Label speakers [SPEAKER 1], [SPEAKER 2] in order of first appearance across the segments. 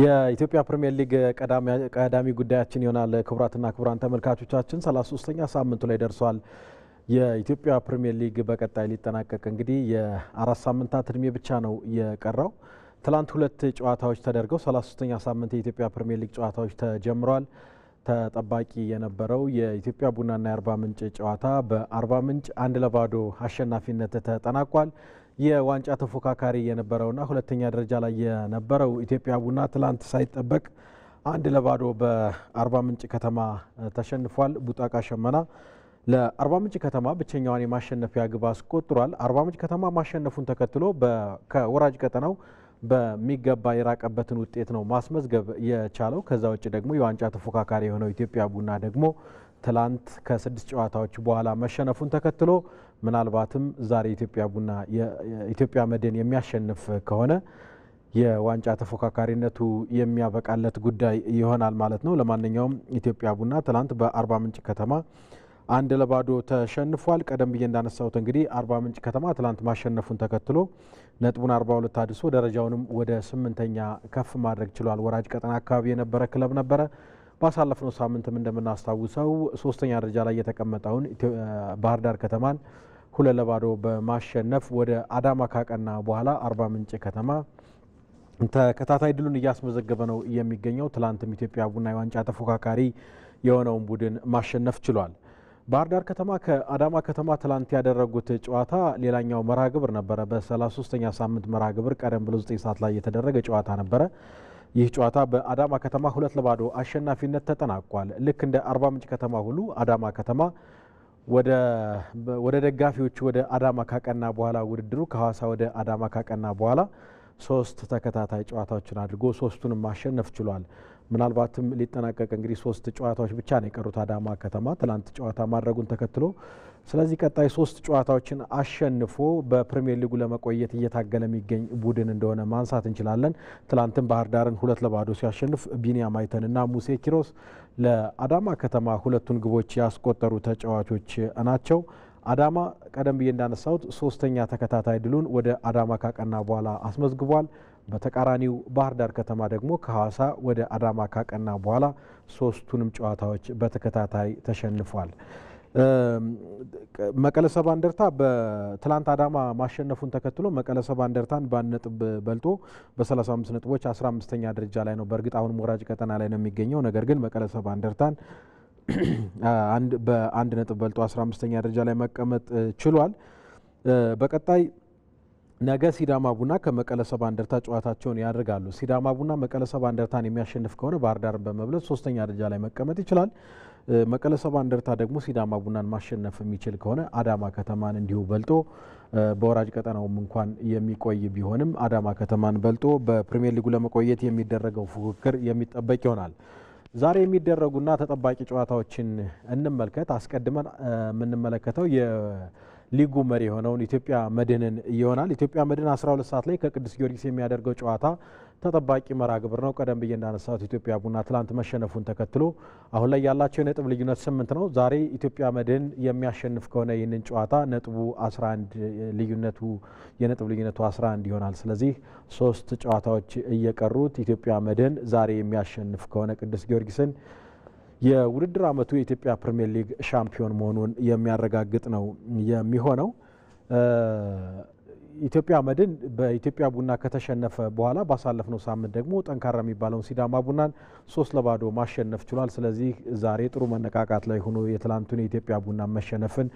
[SPEAKER 1] የኢትዮጵያ ፕሪምየር ሊግ ቀዳሚ ጉዳያችን ይሆናል። ክቡራትና ክቡራን ተመልካቾቻችን 33ኛ ሳምንቱ ላይ ደርሷል። የኢትዮጵያ ፕሪምየር ሊግ በቀጣይ ሊጠናቀቅ እንግዲህ የአራት ሳምንታት እድሜ ብቻ ነው የቀረው። ትላንት ሁለት ጨዋታዎች ተደርገው 33ኛ ሳምንት የኢትዮጵያ ፕሪምየር ሊግ ጨዋታዎች ተጀምረዋል። ተጠባቂ የነበረው የኢትዮጵያ ቡናና የአርባ ምንጭ ጨዋታ በአርባ ምንጭ አንድ ለባዶ አሸናፊነት ተጠናቋል። የዋንጫ ተፎካካሪ የነበረውና ሁለተኛ ደረጃ ላይ የነበረው ኢትዮጵያ ቡና ትላንት ሳይጠበቅ አንድ ለባዶ በአርባ ምንጭ ከተማ ተሸንፏል። ቡጣቃ ሸመና ለአርባ ምንጭ ከተማ ብቸኛዋን የማሸነፊያ ግብ አስቆጥሯል። አርባ ምንጭ ከተማ ማሸነፉን ተከትሎ ከወራጅ ቀጠናው በሚገባ የራቀበትን ውጤት ነው ማስመዝገብ የቻለው። ከዛ ውጭ ደግሞ የዋንጫ ተፎካካሪ የሆነው ኢትዮጵያ ቡና ደግሞ ትላንት ከስድስት ጨዋታዎች በኋላ መሸነፉን ተከትሎ ምናልባትም ዛሬ ኢትዮጵያ ቡና የኢትዮጵያ መድን የሚያሸንፍ ከሆነ የዋንጫ ተፎካካሪነቱ የሚያበቃለት ጉዳይ ይሆናል ማለት ነው። ለማንኛውም ኢትዮጵያ ቡና ትናንት በአርባ ምንጭ ከተማ አንድ ለባዶ ተሸንፏል። ቀደም ብዬ እንዳነሳሁት እንግዲህ አርባ ምንጭ ከተማ ትላንት ማሸነፉን ተከትሎ ነጥቡን አርባ ሁለት አድሶ ደረጃውንም ወደ ስምንተኛ ከፍ ማድረግ ችሏል። ወራጅ ቀጠና አካባቢ የነበረ ክለብ ነበረ። ባሳለፍነው ሳምንትም እንደምናስታውሰው ሶስተኛ ደረጃ ላይ የተቀመጠውን ባህር ዳር ከተማን ሁለት ለባዶ በማሸነፍ ወደ አዳማ ካቀና በኋላ አርባ ምንጭ ከተማ ተከታታይ ድሉን እያስመዘገበ ነው የሚገኘው። ትላንትም ኢትዮጵያ ቡና የዋንጫ ተፎካካሪ የሆነውን ቡድን ማሸነፍ ችሏል። ባህር ዳር ከተማ ከአዳማ ከተማ ትላንት ያደረጉት ጨዋታ ሌላኛው መርሃ ግብር ነበረ። በ33ኛ ሳምንት መርሃ ግብር ቀደም ብሎ 9 ሰዓት ላይ የተደረገ ጨዋታ ነበረ። ይህ ጨዋታ በአዳማ ከተማ ሁለት ለባዶ አሸናፊነት ተጠናቋል። ልክ እንደ አርባ ምንጭ ከተማ ሁሉ አዳማ ከተማ ወደ ደጋፊዎቹ ወደ አዳማ ካቀና በኋላ ውድድሩ ከሐዋሳ ወደ አዳማ ካቀና በኋላ ሶስት ተከታታይ ጨዋታዎችን አድርጎ ሶስቱንም ማሸነፍ ችሏል። ምናልባትም ሊጠናቀቅ እንግዲህ ሶስት ጨዋታዎች ብቻ ነው የቀሩት። አዳማ ከተማ ትላንት ጨዋታ ማድረጉን ተከትሎ ስለዚህ ቀጣይ ሶስት ጨዋታዎችን አሸንፎ በፕሪሚየር ሊጉ ለመቆየት እየታገለ የሚገኝ ቡድን እንደሆነ ማንሳት እንችላለን። ትላንትም ባህር ዳርን ሁለት ለባዶ ሲያሸንፍ ማይተን አይተንና ሙሴ ኪሮስ ለአዳማ ከተማ ሁለቱን ግቦች ያስቆጠሩ ተጫዋቾች ናቸው። አዳማ ቀደም ብዬ እንዳነሳሁት ሶስተኛ ተከታታይ ድሉን ወደ አዳማ ካቀና በኋላ አስመዝግቧል። በተቃራኒው ባህር ዳር ከተማ ደግሞ ከሐዋሳ ወደ አዳማ ካቀና በኋላ ሶስቱንም ጨዋታዎች በተከታታይ ተሸንፏል። መቀለ ሰባ እንደርታ በትላንት አዳማ ማሸነፉን ተከትሎ መቀለ ሰባ እንደርታን በአንድ ነጥብ በልጦ በ35 ነጥቦች 15ኛ ደረጃ ላይ ነው። በእርግጥ አሁን ወራጅ ቀጠና ላይ ነው የሚገኘው። ነገር ግን መቀለ ሰባ እንደርታን በአንድ ነጥብ በልጦ 15ኛ ደረጃ ላይ መቀመጥ ችሏል። በቀጣይ ነገ ሲዳማ ቡና ከመቀለ ሰባ እንደርታ ጨዋታቸውን ያደርጋሉ። ሲዳማ ቡና መቀለ ሰባ እንደርታን የሚያሸንፍ ከሆነ ባህር ዳርን በመብለጥ ሶስተኛ ደረጃ ላይ መቀመጥ ይችላል። መቀለ ሰባ እንደርታ ደግሞ ሲዳማ ቡናን ማሸነፍ የሚችል ከሆነ አዳማ ከተማን እንዲሁ በልጦ በወራጅ ቀጠናውም እንኳን የሚቆይ ቢሆንም አዳማ ከተማን በልጦ በፕሪምየር ሊጉ ለመቆየት የሚደረገው ፉክክር የሚጠበቅ ይሆናል። ዛሬ የሚደረጉና ተጠባቂ ጨዋታዎችን እንመልከት። አስቀድመን የምንመለከተው ሊጉ መሪ የሆነውን ኢትዮጵያ መድንን ይሆናል። ኢትዮጵያ መድን 12 ሰዓት ላይ ከቅዱስ ጊዮርጊስ የሚያደርገው ጨዋታ ተጠባቂ መርሃ ግብር ነው። ቀደም ብዬ እንዳነሳሁት ኢትዮጵያ ቡና ትላንት መሸነፉን ተከትሎ አሁን ላይ ያላቸው የነጥብ ልዩነት ስምንት ነው። ዛሬ ኢትዮጵያ መድን የሚያሸንፍ ከሆነ ይህንን ጨዋታ ነጥቡ 11 ልዩነቱ የነጥብ ልዩነቱ 11 ይሆናል። ስለዚህ ሶስት ጨዋታዎች እየቀሩት ኢትዮጵያ መድን ዛሬ የሚያሸንፍ ከሆነ ቅዱስ ጊዮርጊስን የውድድር ዓመቱ የኢትዮጵያ ፕሪምየር ሊግ ሻምፒዮን መሆኑን የሚያረጋግጥ ነው የሚሆነው። ኢትዮጵያ መድን በኢትዮጵያ ቡና ከተሸነፈ በኋላ ባሳለፍነው ሳምንት ደግሞ ጠንካራ የሚባለውን ሲዳማ ቡናን ሶስት ለባዶ ማሸነፍ ችሏል። ስለዚህ ዛሬ ጥሩ መነቃቃት ላይ ሆኖ የትላንቱን የኢትዮጵያ ቡና መሸነፍን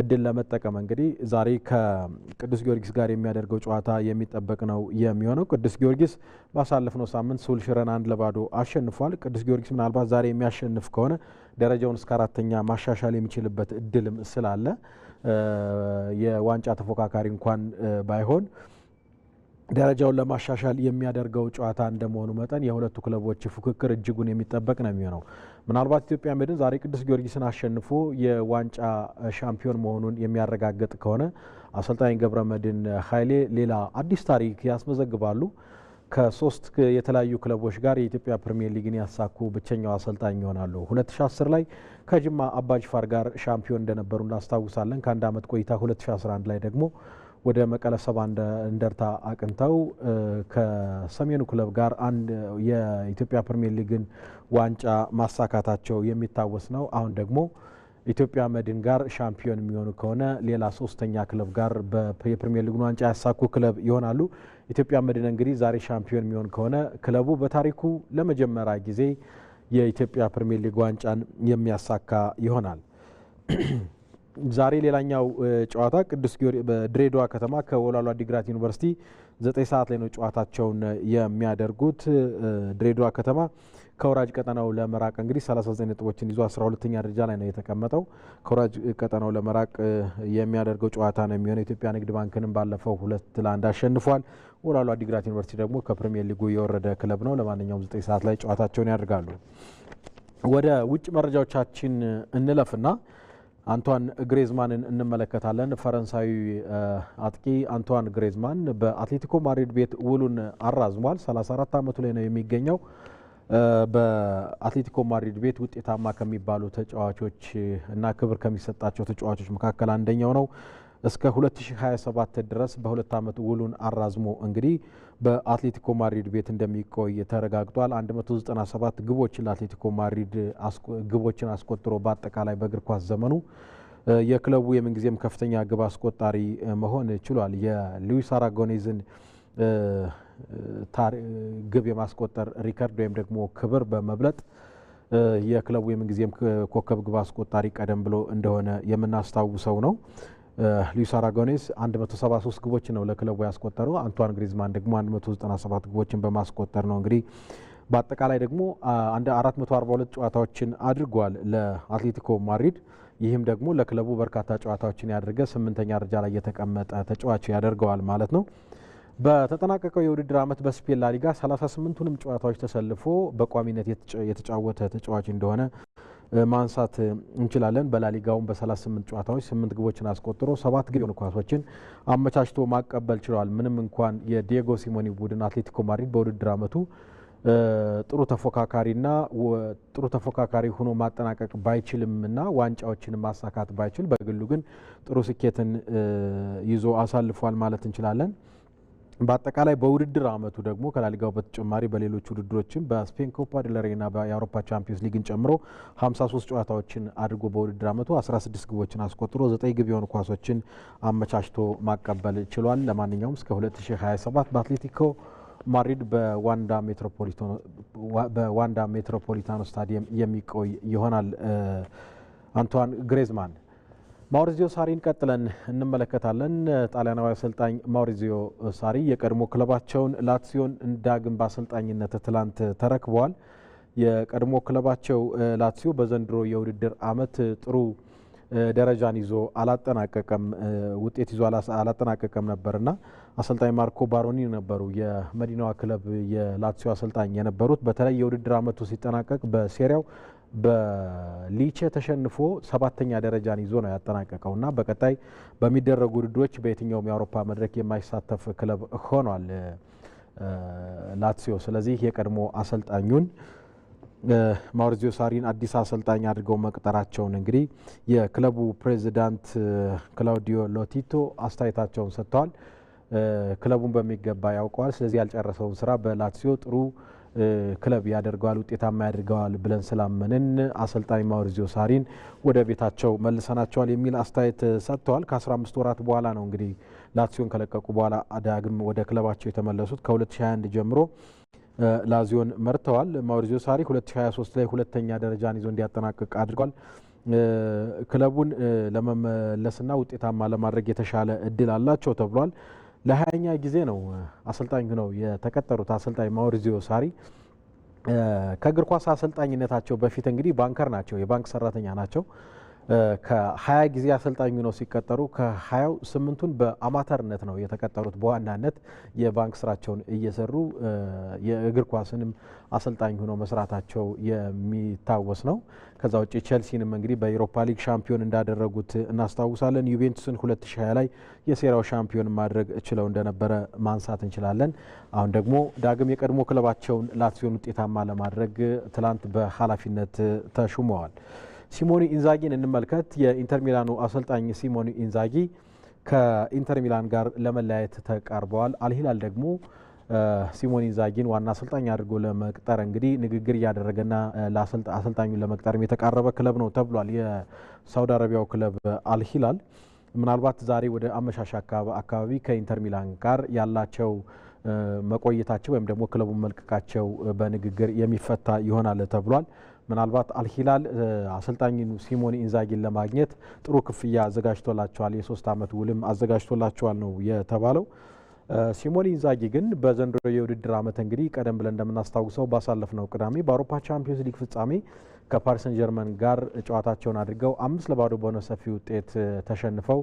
[SPEAKER 1] እድል ለመጠቀም እንግዲህ ዛሬ ከቅዱስ ጊዮርጊስ ጋር የሚያደርገው ጨዋታ የሚጠበቅ ነው የሚሆነው። ቅዱስ ጊዮርጊስ ባሳለፍነው ሳምንት ሱልሽረን አንድ ለባዶ አሸንፏል። ቅዱስ ጊዮርጊስ ምናልባት ዛሬ የሚያሸንፍ ከሆነ ደረጃውን እስከ አራተኛ ማሻሻል የሚችልበት እድልም ስላለ የዋንጫ ተፎካካሪ እንኳን ባይሆን ደረጃውን ለማሻሻል የሚያደርገው ጨዋታ እንደመሆኑ መጠን የሁለቱ ክለቦች ፉክክር እጅጉን የሚጠበቅ ነው የሚሆነው። ምናልባት ኢትዮጵያ መድን ዛሬ ቅዱስ ጊዮርጊስን አሸንፎ የዋንጫ ሻምፒዮን መሆኑን የሚያረጋግጥ ከሆነ አሰልጣኝ ገብረ መድን ኃይሌ ሌላ አዲስ ታሪክ ያስመዘግባሉ። ከሶስት የተለያዩ ክለቦች ጋር የኢትዮጵያ ፕሪሚየር ሊግን ያሳኩ ብቸኛው አሰልጣኝ ይሆናሉ። 2010 ላይ ከጅማ አባጅፋር ጋር ሻምፒዮን እንደነበሩ እናስታውሳለን። ከአንድ ዓመት ቆይታ 2011 ላይ ደግሞ ወደ መቀለ ሰባ እንደርታ አቅንተው ከሰሜኑ ክለብ ጋር አንድ የኢትዮጵያ ፕሪሚየር ሊግን ዋንጫ ማሳካታቸው የሚታወስ ነው። አሁን ደግሞ ኢትዮጵያ መድን ጋር ሻምፒዮን የሚሆኑ ከሆነ ሌላ ሶስተኛ ክለብ ጋር የፕሪሚየር ሊግን ዋንጫ ያሳኩ ክለብ ይሆናሉ። ኢትዮጵያ መድን እንግዲህ ዛሬ ሻምፒዮን የሚሆን ከሆነ ክለቡ በታሪኩ ለመጀመሪያ ጊዜ የኢትዮጵያ ፕሪሚየር ሊግ ዋንጫን የሚያሳካ ይሆናል። ዛሬ ሌላኛው ጨዋታ ቅዱስ ጊዮርጊስ በድሬዳዋ ከተማ ከወላሉ አዲግራት ዩኒቨርሲቲ ዘጠኝ ሰዓት ላይ ነው ጨዋታቸውን የሚያደርጉት። ድሬዳዋ ከተማ ከወራጅ ቀጠናው ለመራቅ እንግዲህ 39 ነጥቦችን ይዞ 12ኛ ደረጃ ላይ ነው የተቀመጠው። ከወራጅ ቀጠናው ለመራቅ የሚያደርገው ጨዋታ ነው የሚሆነው። ኢትዮጵያ ንግድ ባንክንም ባለፈው ሁለት ለአንድ አሸንፏል። ወላሉ አዲግራት ዩኒቨርሲቲ ደግሞ ከፕሪሚየር ሊጉ የወረደ ክለብ ነው። ለማንኛውም ዘጠኝ ሰዓት ላይ ጨዋታቸውን ያደርጋሉ። ወደ ውጭ መረጃዎቻችን እንለፍና አንቷን ግሬዝማንን እንመለከታለን። ፈረንሳዊ አጥቂ አንቷን ግሬዝማን በአትሌቲኮ ማድሪድ ቤት ውሉን አራዝሟል። 34 ዓመቱ ላይ ነው የሚገኘው። በአትሌቲኮ ማድሪድ ቤት ውጤታማ ከሚባሉ ተጫዋቾች እና ክብር ከሚሰጣቸው ተጫዋቾች መካከል አንደኛው ነው። እስከ 2027 ድረስ በሁለት ዓመት ውሉን አራዝሞ እንግዲህ በአትሌቲኮ ማድሪድ ቤት እንደሚቆይ ተረጋግጧል። 197 ግቦችን ለአትሌቲኮ ማድሪድ ግቦችን አስቆጥሮ በአጠቃላይ በእግር ኳስ ዘመኑ የክለቡ የምንጊዜም ከፍተኛ ግብ አስቆጣሪ መሆን ችሏል። የሉዊስ አራጎኔዝን ግብ የማስቆጠር ሪከርድ ወይም ደግሞ ክብር በመብለጥ የክለቡ የምንጊዜም ኮከብ ግብ አስቆጣሪ ቀደም ብሎ እንደሆነ የምናስታውሰው ነው። ሉዊስ አራጎኔስ 173 ግቦች ነው ለክለቡ ያስቆጠረው። አንቷን ግሪዝማን ደግሞ 197 ግቦችን በማስቆጠር ነው እንግዲህ በአጠቃላይ ደግሞ 442 ጨዋታዎችን አድርጓል ለአትሌቲኮ ማድሪድ። ይህም ደግሞ ለክለቡ በርካታ ጨዋታዎችን ያደረገ ስምንተኛ ደረጃ ላይ የተቀመጠ ተጫዋች ያደርገዋል ማለት ነው። በተጠናቀቀው የውድድር ዓመት በስፔን ላሊጋ 38ቱንም ጨዋታዎች ተሰልፎ በቋሚነት የተጫወተ ተጫዋች እንደሆነ ማንሳት እንችላለን። በላሊጋውም በ38 ጨዋታዎች 8 ግቦችን አስቆጥሮ ሰባት ግብ ኳሶችን አመቻችቶ ማቀበል ችሏል። ምንም እንኳን የዲየጎ ሲሞኒ ቡድን አትሌቲኮ ማድሪድ በውድድር ዓመቱ ጥሩ ተፎካካሪና ጥሩ ተፎካካሪ ሆኖ ማጠናቀቅ ባይችልምና ዋንጫዎችን ማሳካት ባይችል በግሉ ግን ጥሩ ስኬትን ይዞ አሳልፏል ማለት እንችላለን። በአጠቃላይ በውድድር አመቱ ደግሞ ከላሊጋው በተጨማሪ በሌሎች ውድድሮችም በስፔን ኮፓ ዴልሬና የአውሮፓ ቻምፒዮንስ ሊግን ጨምሮ 53 ጨዋታዎችን አድርጎ በውድድር አመቱ 16 ግቦችን አስቆጥሮ 9 ግብ የሆኑ ኳሶችን አመቻችቶ ማቀበል ችሏል። ለማንኛውም እስከ 2027 በአትሌቲኮ ማድሪድ በዋንዳ ሜትሮፖሊታኖ ስታዲየም የሚቆይ ይሆናል። አንቷን ግሬዝማን ማውሪዚዮ ሳሪን ቀጥለን እንመለከታለን። ጣሊያናዊ አሰልጣኝ ማውሪዚዮ ሳሪ የቀድሞ ክለባቸውን ላትሲዮን እንዳግም በአሰልጣኝነት ትላንት ተረክበዋል። የቀድሞ ክለባቸው ላትሲዮ በዘንድሮ የውድድር ዓመት ጥሩ ደረጃን ይዞ አላጠናቀቀም ውጤት ይዞ አላጠናቀቀም ነበርና አሰልጣኝ ማርኮ ባሮኒ ነበሩ የመዲናዋ ክለብ የላትሲዮ አሰልጣኝ የነበሩት። በተለይ የውድድር ዓመቱ ሲጠናቀቅ በሴሪያው በሊቼ ተሸንፎ ሰባተኛ ደረጃን ይዞ ነው ያጠናቀቀው እና በቀጣይ በሚደረጉ ውድድሮች በየትኛውም የአውሮፓ መድረክ የማይሳተፍ ክለብ ሆኗል ላትሲዮ። ስለዚህ የቀድሞ አሰልጣኙን ማውሪዚዮ ሳሪን አዲስ አሰልጣኝ አድርገው መቅጠራቸውን እንግዲህ የክለቡ ፕሬዚዳንት ክላውዲዮ ሎቲቶ አስተያየታቸውን ሰጥተዋል። ክለቡን በሚገባ ያውቀዋል። ስለዚህ ያልጨረሰውን ስራ በላትሲዮ ጥሩ ክለብ ያደርገዋል፣ ውጤታማ ያደርገዋል ብለን ስላመንን አሰልጣኝ ማውሪዚዮ ሳሪን ወደ ቤታቸው መልሰናቸዋል የሚል አስተያየት ሰጥተዋል። ከ15 ወራት በኋላ ነው እንግዲህ ላሲዮን ከለቀቁ በኋላ ዳግም ወደ ክለባቸው የተመለሱት። ከ2021 ጀምሮ ላዚዮን መርተዋል። ማውሪዚዮ ሳሪ 2023 ላይ ሁለተኛ ደረጃን ይዞ እንዲያጠናቅቅ አድርጓል። ክለቡን ለመመለስና ውጤታማ ለማድረግ የተሻለ እድል አላቸው ተብሏል። ለሀያኛ ጊዜ ነው አሰልጣኝ ነው የተቀጠሩት። አሰልጣኝ ማውሪዚዮ ሳሪ ከእግር ኳስ አሰልጣኝነታቸው በፊት እንግዲህ ባንከር ናቸው፣ የባንክ ሰራተኛ ናቸው። ከሀያ ጊዜ አሰልጣኙ ነው ሲቀጠሩ ከሀያው ስምንቱን በአማተርነት ነው የተቀጠሩት። በዋናነት የባንክ ስራቸውን እየሰሩ የእግር ኳስንም አሰልጣኝ ሆነው መስራታቸው የሚታወስ ነው። ከዛ ውጭ ቼልሲንም እንግዲህ በኢሮፓ ሊግ ሻምፒዮን እንዳደረጉት እናስታውሳለን። ዩቬንቱስን 2020 ላይ የሴራው ሻምፒዮን ማድረግ ችለው እንደነበረ ማንሳት እንችላለን። አሁን ደግሞ ዳግም የቀድሞ ክለባቸውን ላትሲዮን ውጤታማ ለማድረግ ትላንት በኃላፊነት ተሹመዋል። ሲሞኒ ኢንዛጊን እንመልከት። የኢንተር ሚላኑ አሰልጣኝ ሲሞኒ ኢንዛጊ ከኢንተር ሚላን ጋር ለመለያየት ተቃርበዋል። አልሂላል ደግሞ ሲሞኒ ኢንዛጊን ዋና አሰልጣኝ አድርጎ ለመቅጠር እንግዲህ ንግግር እያደረገና አሰልጣኙን ለመቅጠርም የተቃረበ ክለብ ነው ተብሏል። የሳውዲ አረቢያው ክለብ አልሂላል ምናልባት ዛሬ ወደ አመሻሽ አካባቢ ከኢንተር ሚላን ጋር ያላቸው መቆየታቸው ወይም ደግሞ ክለቡን መልቀቃቸው በንግግር የሚፈታ ይሆናል ተብሏል። ምናልባት አልሂላል አሰልጣኙ ሲሞኔ ኢንዛጊን ለማግኘት ጥሩ ክፍያ አዘጋጅቶላቸዋል። የሶስት ዓመት ውልም አዘጋጅቶላቸዋል ነው የተባለው። ሲሞኔ ኢንዛጊ ግን በዘንድሮ የውድድር ዓመት እንግዲህ ቀደም ብለን እንደምናስታውሰው ባሳለፍ ነው ቅዳሜ በአውሮፓ ቻምፒዮንስ ሊግ ፍጻሜ ከፓሪሰን ጀርመን ጋር ጨዋታቸውን አድርገው አምስት ለባዶ በሆነ ሰፊ ውጤት ተሸንፈው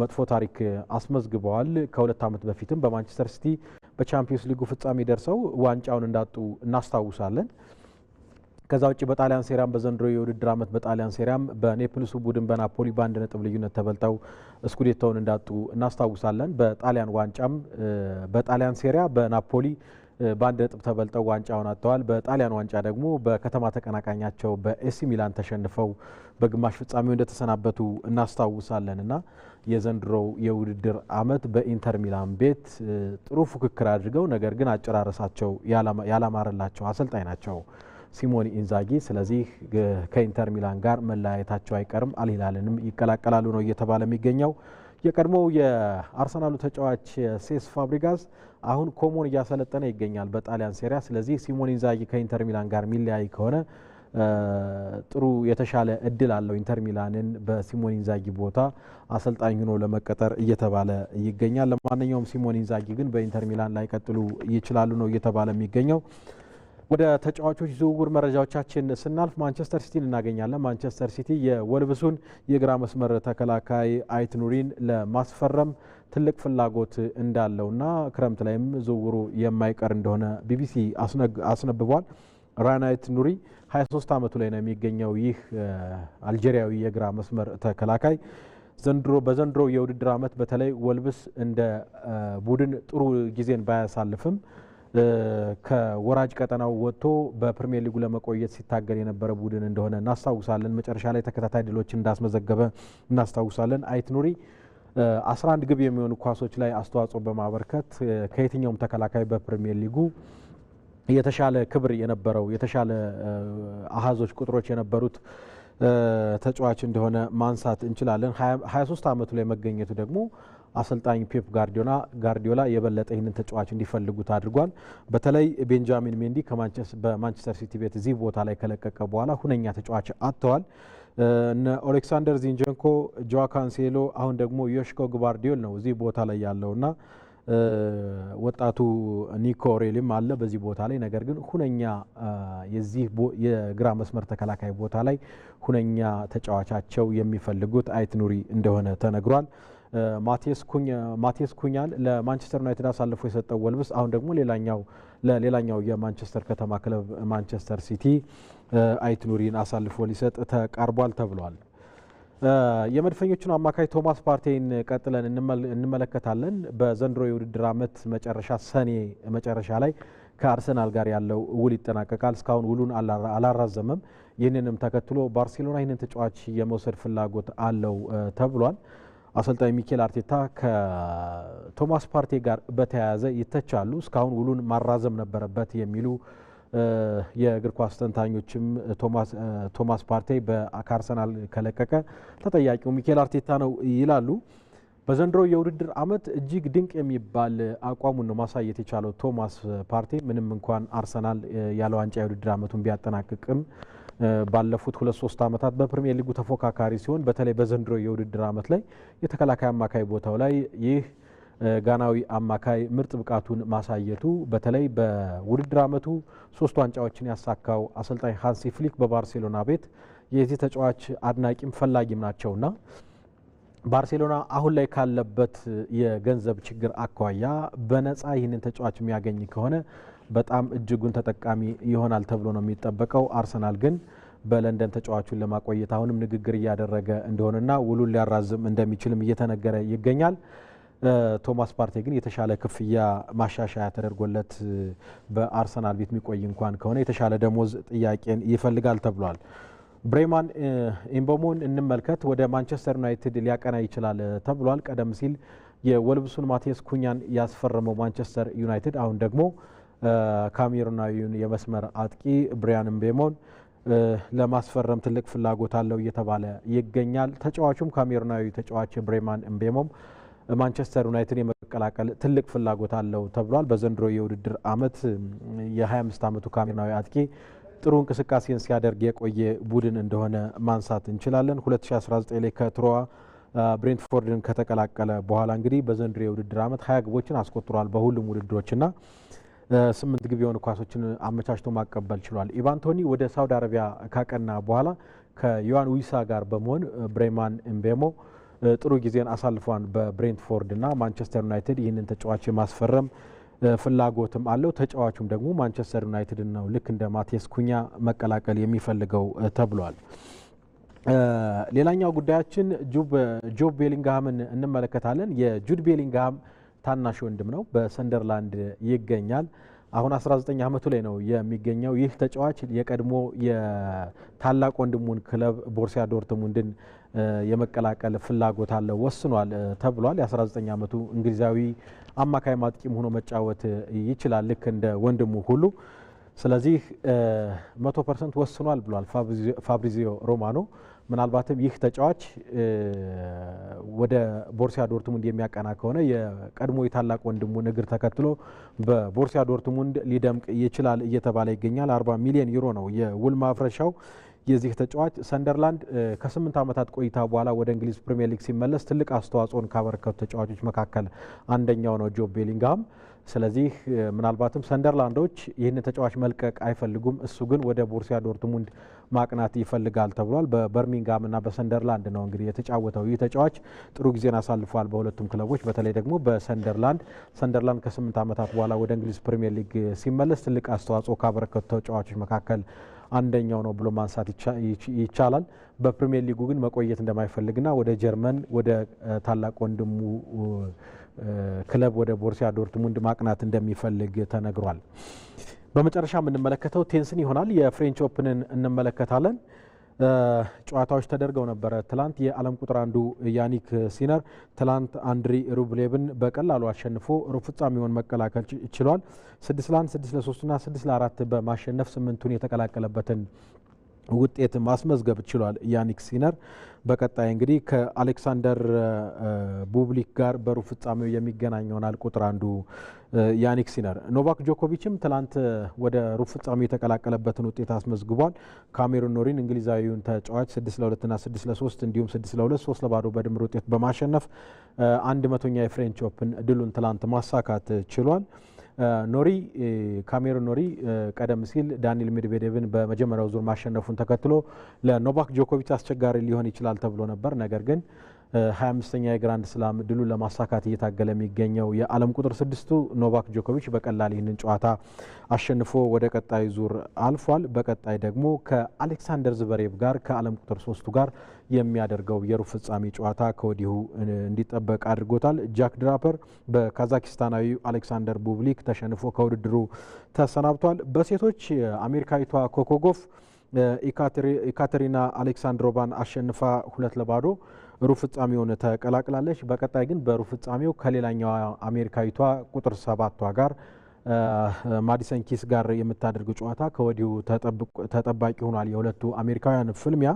[SPEAKER 1] መጥፎ ታሪክ አስመዝግበዋል። ከሁለት ዓመት በፊትም በማንቸስተር ሲቲ በቻምፒዮንስ ሊጉ ፍጻሜ ደርሰው ዋንጫውን እንዳጡ እናስታውሳለን። ከዛ ውጭ በጣሊያን ሴሪያም በዘንድሮ የውድድር ዓመት በጣሊያን ሴሪያም በኔፕልሱ ቡድን በናፖሊ በአንድ ነጥብ ልዩነት ተበልጠው እስኩዴታውን እንዳጡ እናስታውሳለን። በጣሊያን ዋንጫም በጣሊያን ሴሪያ በናፖሊ በአንድ ነጥብ ተበልጠው ዋንጫውን አጥተዋል። በጣሊያን ዋንጫ ደግሞ በከተማ ተቀናቃኛቸው በኤሲ ሚላን ተሸንፈው በግማሽ ፍጻሜው እንደተሰናበቱ እናስታውሳለን እና የዘንድሮው የውድድር ዓመት በኢንተር ሚላን ቤት ጥሩ ፉክክር አድርገው ነገር ግን አጨራረሳቸው ያላማረላቸው አሰልጣኝ ናቸው ሲሞን ኢንዛጊ። ስለዚህ ከኢንተር ሚላን ጋር መለያየታቸው አይቀርም፣ አልሂላልንም ይቀላቀላሉ ነው እየተባለ የሚገኘው። የቀድሞው የአርሰናሉ ተጫዋች ሴስ ፋብሪጋስ አሁን ኮሞን እያሰለጠነ ይገኛል በጣሊያን ሴሪያ። ስለዚህ ሲሞን ኢንዛጊ ከኢንተር ሚላን ጋር የሚለያይ ከሆነ ጥሩ የተሻለ እድል አለው ኢንተር ሚላንን በሲሞን ኢንዛጊ ቦታ አሰልጣኝ ሆኖ ለመቀጠር እየተባለ ይገኛል። ለማንኛውም ሲሞን ኢንዛጊ ግን በኢንተር ሚላን ላይ ቀጥሉ ይችላሉ ነው እየተባለ የሚገኘው። ወደ ተጫዋቾች ዝውውር መረጃዎቻችን ስናልፍ ማንቸስተር ሲቲን እናገኛለን። ማንቸስተር ሲቲ የወልብሱን የግራ መስመር ተከላካይ አይትኑሪን ለማስፈረም ትልቅ ፍላጎት እንዳለውና ክረምት ላይም ዝውውሩ የማይቀር እንደሆነ ቢቢሲ አስነብቧል። ራናይት አይትኑሪ 23 ዓመቱ ላይ ነው የሚገኘው። ይህ አልጄሪያዊ የግራ መስመር ተከላካይ ዘንድሮ በዘንድሮ የውድድር ዓመት በተለይ ወልብስ እንደ ቡድን ጥሩ ጊዜን ባያሳልፍም ከወራጅ ቀጠናው ወጥቶ በፕሪሚየር ሊጉ ለመቆየት ሲታገል የነበረ ቡድን እንደሆነ እናስታውሳለን። መጨረሻ ላይ ተከታታይ ድሎችን እንዳስመዘገበ እናስታውሳለን። አይት ኑሪ 11 ግብ የሚሆኑ ኳሶች ላይ አስተዋጽኦ በማበርከት ከየትኛውም ተከላካይ በፕሪሚየር ሊጉ የተሻለ ክብር የነበረው የተሻለ አሃዞች ቁጥሮች የነበሩት ተጫዋች እንደሆነ ማንሳት እንችላለን። 23 ዓመቱ ላይ መገኘቱ ደግሞ አሰልጣኝ ፔፕ ጋርዲዮና ጋርዲዮላ የበለጠ ይህንን ተጫዋች እንዲፈልጉት አድርጓል። በተለይ ቤንጃሚን ሜንዲ በማንቸስተር ሲቲ ቤት እዚህ ቦታ ላይ ከለቀቀ በኋላ ሁነኛ ተጫዋች አጥተዋል። እነ ኦሌክሳንደር ዚንጀንኮ፣ ጆዋ ካንሴሎ፣ አሁን ደግሞ ዮሽኮ ግባርዲዮል ነው እዚህ ቦታ ላይ ያለውና ወጣቱ ኒኮ ሬሊም አለ በዚህ ቦታ ላይ። ነገር ግን ሁነኛ የዚህ የግራ መስመር ተከላካይ ቦታ ላይ ሁነኛ ተጫዋቻቸው የሚፈልጉት አይት ኑሪ እንደሆነ ተነግሯል። ማቴስ ኩኛን ለማንቸስተር ዩናይትድ አሳልፎ የሰጠው ወልብስ አሁን ደግሞ ሌላኛው ለሌላኛው የማንቸስተር ከተማ ክለብ ማንቸስተር ሲቲ አይት ኑሪን አሳልፎ ሊሰጥ ተቃርቧል ተብሏል። የመድፈኞቹን አማካይ ቶማስ ፓርቴይን ቀጥለን እንመለከታለን። በዘንድሮ የውድድር ዓመት መጨረሻ ሰኔ መጨረሻ ላይ ከአርሰናል ጋር ያለው ውል ይጠናቀቃል። እስካሁን ውሉን አላራዘመም። ይህንንም ተከትሎ ባርሴሎና ይህንን ተጫዋች የመውሰድ ፍላጎት አለው ተብሏል። አሰልጣኝ ሚኬል አርቴታ ከቶማስ ፓርቴ ጋር በተያያዘ ይተቻሉ። እስካሁን ውሉን ማራዘም ነበረበት የሚሉ የእግር ኳስ ተንታኞችም ቶማስ ፓርቴ ከአርሰናል ከለቀቀ ተጠያቂው ሚኬል አርቴታ ነው ይላሉ። በዘንድሮ የውድድር ዓመት እጅግ ድንቅ የሚባል አቋሙን ነው ማሳየት የቻለው ቶማስ ፓርቴ ምንም እንኳን አርሰናል ያለ ዋንጫ የውድድር ዓመቱን ቢያጠናቅቅም ባለፉት ሁለት ሶስት ዓመታት በፕሪሚየር ሊጉ ተፎካካሪ ሲሆን በተለይ በዘንድሮ የውድድር ዓመት ላይ የተከላካይ አማካይ ቦታው ላይ ይህ ጋናዊ አማካይ ምርጥ ብቃቱን ማሳየቱ በተለይ በውድድር ዓመቱ ሶስት ዋንጫዎችን ያሳካው አሰልጣኝ ሃንሲ ፍሊክ በባርሴሎና ቤት የዚህ ተጫዋች አድናቂም ፈላጊም ናቸውና ባርሴሎና አሁን ላይ ካለበት የገንዘብ ችግር አኳያ በነጻ ይህንን ተጫዋች የሚያገኝ ከሆነ በጣም እጅጉን ተጠቃሚ ይሆናል ተብሎ ነው የሚጠበቀው። አርሰናል ግን በለንደን ተጫዋቹን ለማቆየት አሁንም ንግግር እያደረገ እንደሆነና ውሉን ሊያራዝም እንደሚችልም እየተነገረ ይገኛል። ቶማስ ፓርቴ ግን የተሻለ ክፍያ ማሻሻያ ተደርጎለት በአርሰናል ቤት የሚቆይ እንኳን ከሆነ የተሻለ ደሞዝ ጥያቄን ይፈልጋል ተብሏል። ብሬማን ኢምቦሞን እንመልከት። ወደ ማንቸስተር ዩናይትድ ሊያቀና ይችላል ተብሏል። ቀደም ሲል የወልብሱን ማቴስ ኩኛን ያስፈረመው ማንቸስተር ዩናይትድ አሁን ደግሞ ካሜሩናዊውን የመስመር አጥቂ ብሪያን ምቤሞን ለማስፈረም ትልቅ ፍላጎት አለው እየተባለ ይገኛል። ተጫዋቹም ካሜሩናዊ ተጫዋች ብሬማን እምቤሞም ማንቸስተር ዩናይትድ የመቀላቀል ትልቅ ፍላጎት አለው ተብሏል። በዘንድሮ የውድድር ዓመት የ25 ዓመቱ ካሜሩናዊ አጥቂ ጥሩ እንቅስቃሴን ሲያደርግ የቆየ ቡድን እንደሆነ ማንሳት እንችላለን። 2019 ላይ ከትሮዋ ብሬንትፎርድን ከተቀላቀለ በኋላ እንግዲህ በዘንድሮ የውድድር ዓመት ሀያ ግቦችን አስቆጥሯል በሁሉም ውድድሮችና ስምንት ግብ የሆኑ ኳሶችን አመቻችቶ ማቀበል ችሏል። ኢቫንቶኒ ወደ ሳውዲ አረቢያ ካቀና በኋላ ከዮዋን ዊሳ ጋር በመሆን ብሬማን ኤምቤሞ ጥሩ ጊዜን አሳልፏን በብሬንትፎርድ ማንቸስተር ዩናይትድ ይህንን ተጫዋች የማስፈረም ፍላጎትም አለው። ተጫዋቹም ደግሞ ማንቸስተር ዩናይትድ ነው ልክ እንደ ማቴስ ኩኛ መቀላቀል የሚፈልገው ተብሏል። ሌላኛው ጉዳያችን ጆብ ቤሊንግሃምን እንመለከታለን። የጁድ ቤሊንግሃም ታናሽ ወንድም ነው። በሰንደርላንድ ይገኛል። አሁን 19 ዓመቱ ላይ ነው የሚገኘው። ይህ ተጫዋች የቀድሞ የታላቅ ወንድሙን ክለብ ቦርሲያ ዶርትሙንድን የመቀላቀል ፍላጎት አለው ወስኗል ተብሏል። የ19 ዓመቱ እንግሊዛዊ አማካይ ማጥቂም ሆኖ መጫወት ይችላል ልክ እንደ ወንድሙ ሁሉ። ስለዚህ 100 ፐርሰንት ወስኗል ብሏል ፋብሪዚዮ ሮማኖ። ምናልባትም ይህ ተጫዋች ወደ ቦርሲያ ዶርትሙንድ የሚያቀና ከሆነ የቀድሞ የታላቅ ወንድሙን እግር ተከትሎ በቦርሲያ ዶርትሙንድ ሊደምቅ ይችላል እየተባለ ይገኛል። 40 ሚሊዮን ዩሮ ነው የውል ማፍረሻው የዚህ ተጫዋች ሰንደርላንድ ከስምንት ዓመታት ቆይታ በኋላ ወደ እንግሊዝ ፕሪምየር ሊግ ሲመለስ ትልቅ አስተዋጽኦን ካበረከቱ ተጫዋቾች መካከል አንደኛው ነው ጆብ ቤሊንግሃም ስለዚህ ምናልባትም ሰንደርላንዶች ይህንን ተጫዋች መልቀቅ አይፈልጉም። እሱ ግን ወደ ቦርሲያ ዶርትሙንድ ማቅናት ይፈልጋል ተብሏል። በበርሚንጋምና በሰንደርላንድ ነው እንግዲህ የተጫወተው። ይህ ተጫዋች ጥሩ ጊዜን አሳልፏል በሁለቱም ክለቦች፣ በተለይ ደግሞ በሰንደርላንድ ሰንደርላንድ ከስምንት ዓመታት በኋላ ወደ እንግሊዝ ፕሪምየር ሊግ ሲመለስ ትልቅ አስተዋጽኦ ካበረከቱ ተጫዋቾች መካከል አንደኛው ነው ብሎ ማንሳት ይቻላል። በፕሪምየር ሊጉ ግን መቆየት እንደማይፈልግና ወደ ጀርመን ወደ ታላቅ ወንድሙ ክለብ ወደ ቦርሲያ ዶርትሙንድ ማቅናት እንደሚፈልግ ተነግሯል። በመጨረሻ የምንመለከተው ቴንስን ይሆናል። የፍሬንች ኦፕንን እንመለከታለን። ጨዋታዎች ተደርገው ነበረ። ትላንት የዓለም ቁጥር አንዱ ያኒክ ሲነር ትላንት አንድሪ ሩብሌብን በቀላሉ አሸንፎ ሩብ ፍጻሜውን መቀላቀል ችሏል። ስድስት ለአንድ ስድስት ለሶስትና ስድስት ለአራት በማሸነፍ ስምንቱን የተቀላቀለበትን ውጤት ማስመዝገብ ችሏል። ያኒክ ሲነር በቀጣይ እንግዲህ ከአሌክሳንደር ቡብሊክ ጋር በሩብ ፍጻሜው የሚገናኝ ይሆናል። ቁጥር አንዱ ያኒክ ሲነር። ኖቫክ ጆኮቪችም ትላንት ወደ ሩብ ፍጻሜ የተቀላቀለበትን ውጤት አስመዝግቧል። ካሜሩን ኖሪን እንግሊዛዊውን ተጫዋች 6 ለ2ና 6 ለ3 እንዲሁም 6 ለ2 3 ለባዶ በድምር ውጤት በማሸነፍ አንድ መቶኛ የፍሬንች ኦፕን ድሉን ትላንት ማሳካት ችሏል። ኖሪ ካሜሮን ኖሪ ቀደም ሲል ዳኒል ሜድቬዴቭን በመጀመሪያው ዙር ማሸነፉን ተከትሎ ለኖቫክ ጆኮቪች አስቸጋሪ ሊሆን ይችላል ተብሎ ነበር ነገር ግን 25ኛ የግራንድ ስላም ድሉን ለማሳካት እየታገለ የሚገኘው የዓለም ቁጥር ስድስቱ ኖቫክ ጆኮቪች በቀላል ይህንን ጨዋታ አሸንፎ ወደ ቀጣይ ዙር አልፏል። በቀጣይ ደግሞ ከአሌክሳንደር ዝበሬቭ ጋር ከዓለም ቁጥር ሶስቱ ጋር የሚያደርገው የሩብ ፍጻሜ ጨዋታ ከወዲሁ እንዲጠበቅ አድርጎታል። ጃክ ድራፐር በካዛኪስታናዊ አሌክሳንደር ቡብሊክ ተሸንፎ ከውድድሩ ተሰናብቷል። በሴቶች አሜሪካዊቷ ኮኮጎፍ ኢካተሪና አሌክሳንድሮቫን አሸንፋ ሁለት ለባዶ ሩብ ፍጻሜውን ተቀላቅላለች። በቀጣይ ግን በሩብ ፍጻሜው ከሌላኛዋ አሜሪካዊቷ ቁጥር ሰባቷ ጋር ማዲሰን ኪስ ጋር የምታደርገው ጨዋታ ከወዲሁ ተጠባቂ ሆኗል። የሁለቱ አሜሪካውያን ፍልሚያ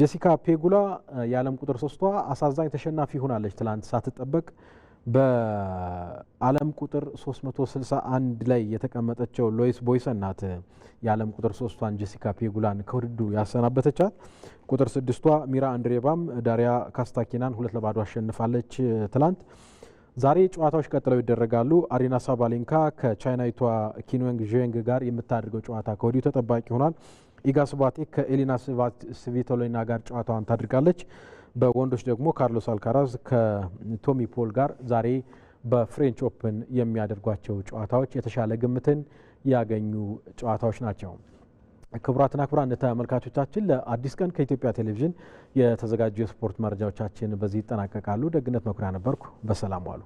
[SPEAKER 1] ጄሲካ ፔጉላ የዓለም ቁጥር ሶስቷ አሳዛኝ ተሸናፊ ሆናለች። ትላንት ሳትጠበቅ በዓለም ቁጥር 361 ላይ የተቀመጠችው ሎይስ ቦይሰን ናት። የዓለም ቁጥር ሶስቷን ጄሲካ ፔጉላን ከውድድሩ ያሰናበተቻት። ቁጥር ስድስቷ ሚራ አንድሬቫም ዳሪያ ካስታኪናን ሁለት ለባዶ አሸንፋለች ትላንት። ዛሬ ጨዋታዎች ቀጥለው ይደረጋሉ። አሪና ሳባሌንካ ከቻይናዊቷ ኪንወንግ ዥንግ ጋር የምታደርገው ጨዋታ ከወዲሁ ተጠባቂ ሆኗል። ኢጋ ከኤሊና ስቪቶሊና ጋር ጨዋታዋን ታድርጋለች። በወንዶች ደግሞ ካርሎስ አልካራዝ ከቶሚ ፖል ጋር ዛሬ በፍሬንች ኦፕን የሚያደርጓቸው ጨዋታዎች የተሻለ ግምትን ያገኙ ጨዋታዎች ናቸው። ክቡራትና ክቡራን ተመልካቾቻችን ለአዲስ ቀን ከኢትዮጵያ ቴሌቪዥን የተዘጋጁ የስፖርት መረጃዎቻችን በዚህ ይጠናቀቃሉ። ደግነት መኩሪያ ነበርኩ። በሰላም ዋሉ።